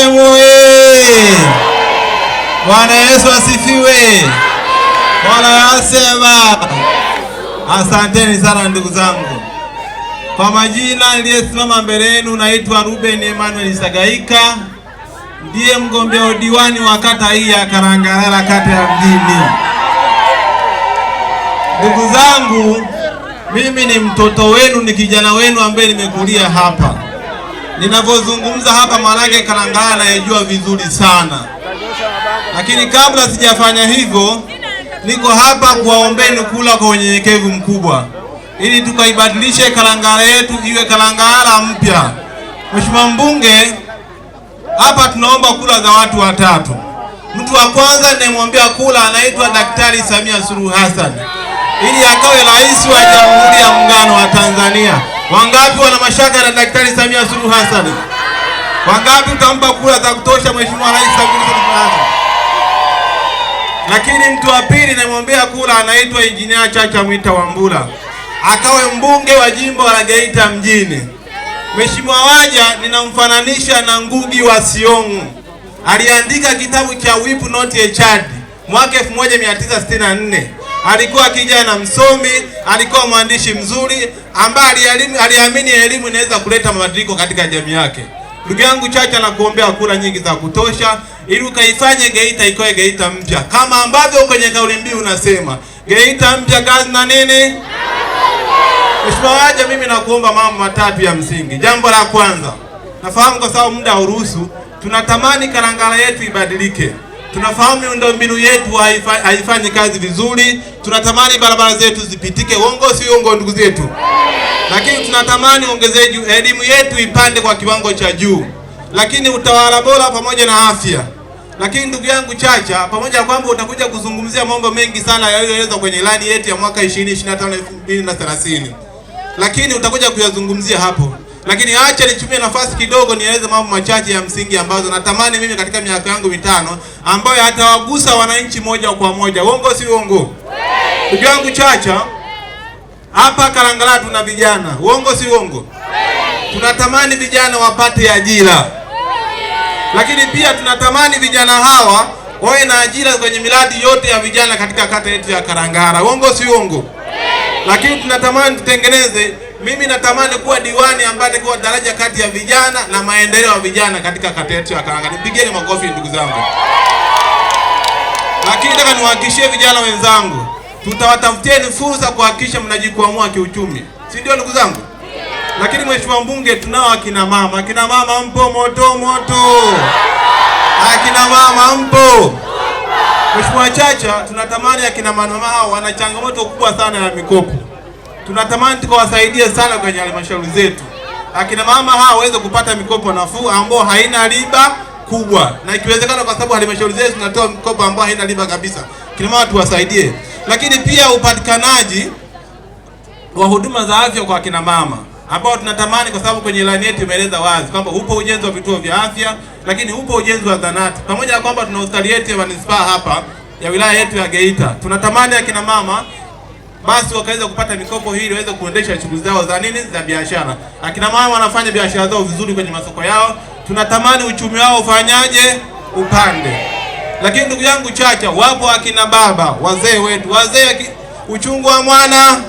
CCM oye! Bwana Yesu asifiwe! Bwana asema. Asanteni sana ndugu zangu. Kwa majina niliyesimama mbele yenu, naitwa Ruben Emmanuel Sagaika, ndiye mgombea udiwani wa kata hii ya Kalangalala, kata ya mjini. Ndugu zangu, mimi ni mtoto wenu, ni kijana wenu ambaye nimekulia hapa ninavyozungumza hapa maanake Kalangala anayejua vizuri sana, lakini kabla sijafanya hivyo, niko hapa kuwaombeni kula kwa unyenyekevu mkubwa, ili tukaibadilishe Kalangala yetu iwe Kalangala mpya. Mheshimiwa mbunge, hapa tunaomba kula za watu watatu. Mtu wa kwanza ninayemwambia kula anaitwa Daktari Samia Suluhu Hassan ili akawe rais wa Jamhuri ya Muungano wa Tanzania. Wangapi wana mashaka na Daktari Samia Suluhu Hassan? Wangapi utampa kura za kutosha Mheshimiwa Rais Samia Suluhu Hassan? Lakini mtu wa pili namwombea kura anaitwa Injinia Chacha Mwita Wambura, akawe mbunge wa jimbo la Geita mjini. Mheshimiwa Waja ninamfananisha na Ngugi wa Thiong'o, aliandika kitabu cha Weep Not a Child mwaka 1964 alikuwa kijana msomi, alikuwa mwandishi mzuri ambaye aliamini elimu inaweza kuleta mabadiliko katika jamii yake. Ndugu yangu Chacha, na kuombea kura nyingi za kutosha ili ukaifanye Geita ikoe Geita mpya, kama ambavyo kwenye kauli mbiu unasema Geita mpya kazi na nini. Mheshimiwa Waja, mimi nakuomba mambo matatu ya msingi. Jambo la kwanza, nafahamu kwa sababu muda hauruhusu, tunatamani Kalangala yetu ibadilike tunafahamu miundombinu yetu haifanyi kazi vizuri, tunatamani barabara zetu zipitike. Uongo si uongo, ndugu zetu? Lakini tunatamani ongezeji elimu yetu ipande kwa kiwango cha juu, lakini utawala bora pamoja na afya. Lakini ndugu yangu Chacha, pamoja na kwamba utakuja kuzungumzia mambo mengi sana yaliyoelezwa kwenye ilani yetu ya mwaka 2025 2030 lakini utakuja kuyazungumzia hapo lakini acha nichukue nafasi kidogo nieleze mambo machache ya msingi ambazo natamani mimi katika miaka yangu mitano ambayo atawagusa wananchi moja kwa moja. Uongo si uongo? Kujwangu Chacha hapa Kalangala tuna vijana, uongo si uongo? Tunatamani vijana wapate ajira, lakini pia tunatamani vijana hawa wawe na ajira kwenye miradi yote ya vijana katika kata yetu ya Kalangala, uongo si uongo? Lakini tunatamani tutengeneze mimi natamani kuwa diwani ambaye kwa daraja kati ya vijana na maendeleo ya vijana katika kata yetu ya Karanga. Nipigeni makofi ndugu zangu. Lakini nataka niwahakishie vijana wenzangu, tutawatafutieni fursa kuhakikisha mnajikwamua kiuchumi, si ndio ndugu zangu? Lakini mheshimiwa mbunge, tunao akina mama. Akina mama mpo moto moto, akina mama mpo. Mheshimiwa Chacha, tunatamani akina mama hao wana changamoto kubwa sana ya mikopo tunatamani tukawasaidie sana kwenye halmashauri zetu, akina mama hawa waweze kupata mikopo nafuu ambayo haina riba kubwa, na ikiwezekana, kwa sababu halmashauri zetu zinatoa mikopo ambayo haina riba kabisa. akina mama tuwasaidie, lakini pia upatikanaji wa huduma za afya kwa akina mama ambao tunatamani kwa sababu kwenye ilani yetu imeeleza wazi kwamba upo ujenzi wa vituo vya afya, lakini upo ujenzi wa zanati, pamoja na kwamba tuna hospitali yetu ya manispaa hapa ya wilaya yetu ya Geita. Tunatamani akina mama basi wakaweza kupata mikopo hii ili waweze kuendesha shughuli zao za nini za biashara. Akina mama wanafanya biashara zao vizuri kwenye masoko yao, tunatamani uchumi wao ufanyaje upande. Lakini ndugu yangu Chacha, wapo akina baba wazee wetu, wazee uchungu wa mwana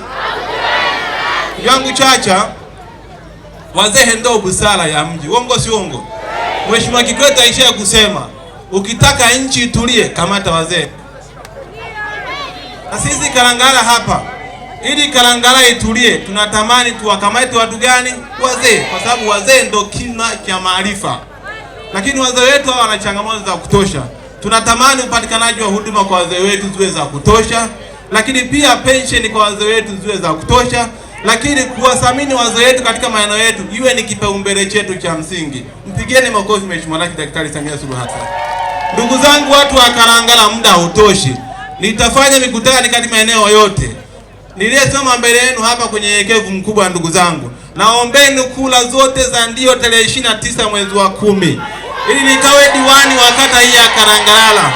yangu Chacha, wazee ndio busara ya mji. Uongo si uongo? Mheshimiwa Kikwete aisha kusema ukitaka nchi itulie, kamata wazee. Na sisi Kalangala hapa, ili Kalangala itulie, tunatamani tuwakamate watu gani? Wazee, kwa sababu wazee ndo kina cha maarifa, lakini wazee wetu hawa wana changamoto za kutosha. Tunatamani upatikanaji wa huduma kwa wazee wetu ziwe za kutosha, lakini pia pensheni kwa wazee wetu ziwe za kutosha lakini kuwathamini wazee wetu katika maeneo yetu iwe ni kipaumbele chetu cha msingi. Mpigeni makofi Mheshimiwa Rais Daktari Samia Suluhu Hassan. Ndugu zangu, watu wa Kalangala, muda hautoshi nitafanya mikutano katika maeneo yote Niliyesema mbele yenu hapa kwenye yekevu mkubwa. Ndugu zangu, naombeni kula zote za ndio tarehe ishirini na tisa mwezi wa kumi ili nikawe diwani wa kata hii ya Kalangalala,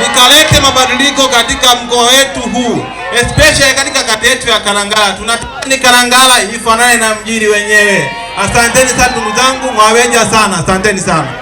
nikalete mabadiliko katika mkoa wetu huu, especially katika kata yetu ya karangala Tunataka karangala ifanane na mjini wenyewe. Asanteni sana ndugu zangu, mwaweja sana, asanteni sana.